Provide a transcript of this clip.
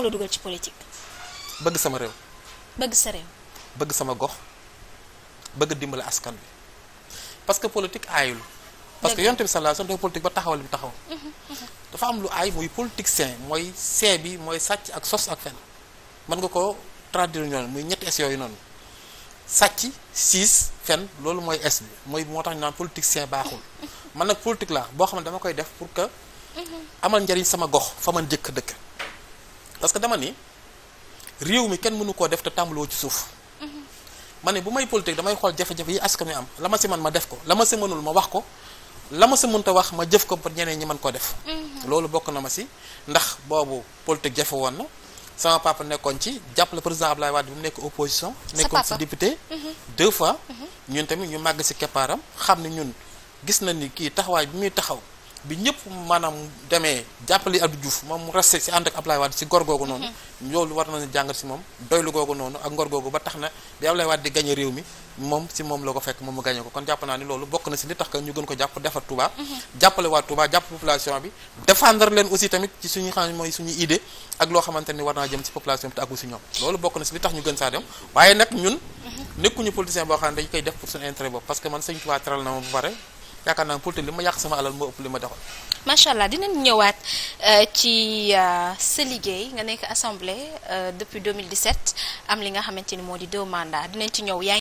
ko la dugal ci bëgg sama réew. bëgg bëgg sama gox bëgg dimbali askan bi parce que politique aayul. parce que yonte bi sallallahu alayhi wasallam dafa politique ba taxawal bi taxaw. Mhm, mhm. dafa am lu aay muy politicien mooy see bi mooy sàcc ak sos ak fen mën nga ko traduire ñoonu mooy ñetti es yooyu noonu sàcc siis fen loolu mooy es bi mooy moo tax ñu naan politicien baaxul mën nag politique laa boo xam ne dama koy def pour que mhm. amal njariñ sama gox fa man jëkk dëkk parce que dama nii réew mi kenn mënu koo def te tàmbaloo ci suuf mm-hmm. ma ne bu may politique damay xool jafe-jafe yi askan wi am la ma si man ma def ko la ma si mënul ma wax ko la ma si mënta wax ma jëf ko pour ñeneen ñi mën koo def mm-hmm. loolu bokk na ma si ndax boobu politique jafe woon na sama papa nekkoon ci jàppale président Abdoulaye Wade bi mu nekk opposition nekkoon si député mm-hmm. deux fois ñun tamit ñu màgg si keppaaram xam ne ñun gis na ni kii taxawaay bi muy taxaw bi ñëpp maanaam demee jàppale Abdou Diouf moom mu resté si ànd ak Ablaye Wade si googu noonu. Mm-hmm. tax na bi Ablaye Wade di gagné réew mi moom si moom la ko fekk moom mu gagné ko kon jàpp naa ni loolu bokk na si li tax que ñu gën ko jàpp mm-hmm. naa jëm si population bi saa dem waaye nag ñun. Mm-hmm. nekkuñu politicien boo xam ne dañ def pour suñu intérêt bopp parce que man Sëñ Touba teral na ma bu pare yaakaar naa politique li ma yàq sama alal moo ëpp li ma defoon. macha allah dinañ ñëwaat euh, ci euh, sa liggéey nga nekk assemblée euh, depuis 2017 am li nga xamante ni moo di deux mandats dinañ ci ñëw yaa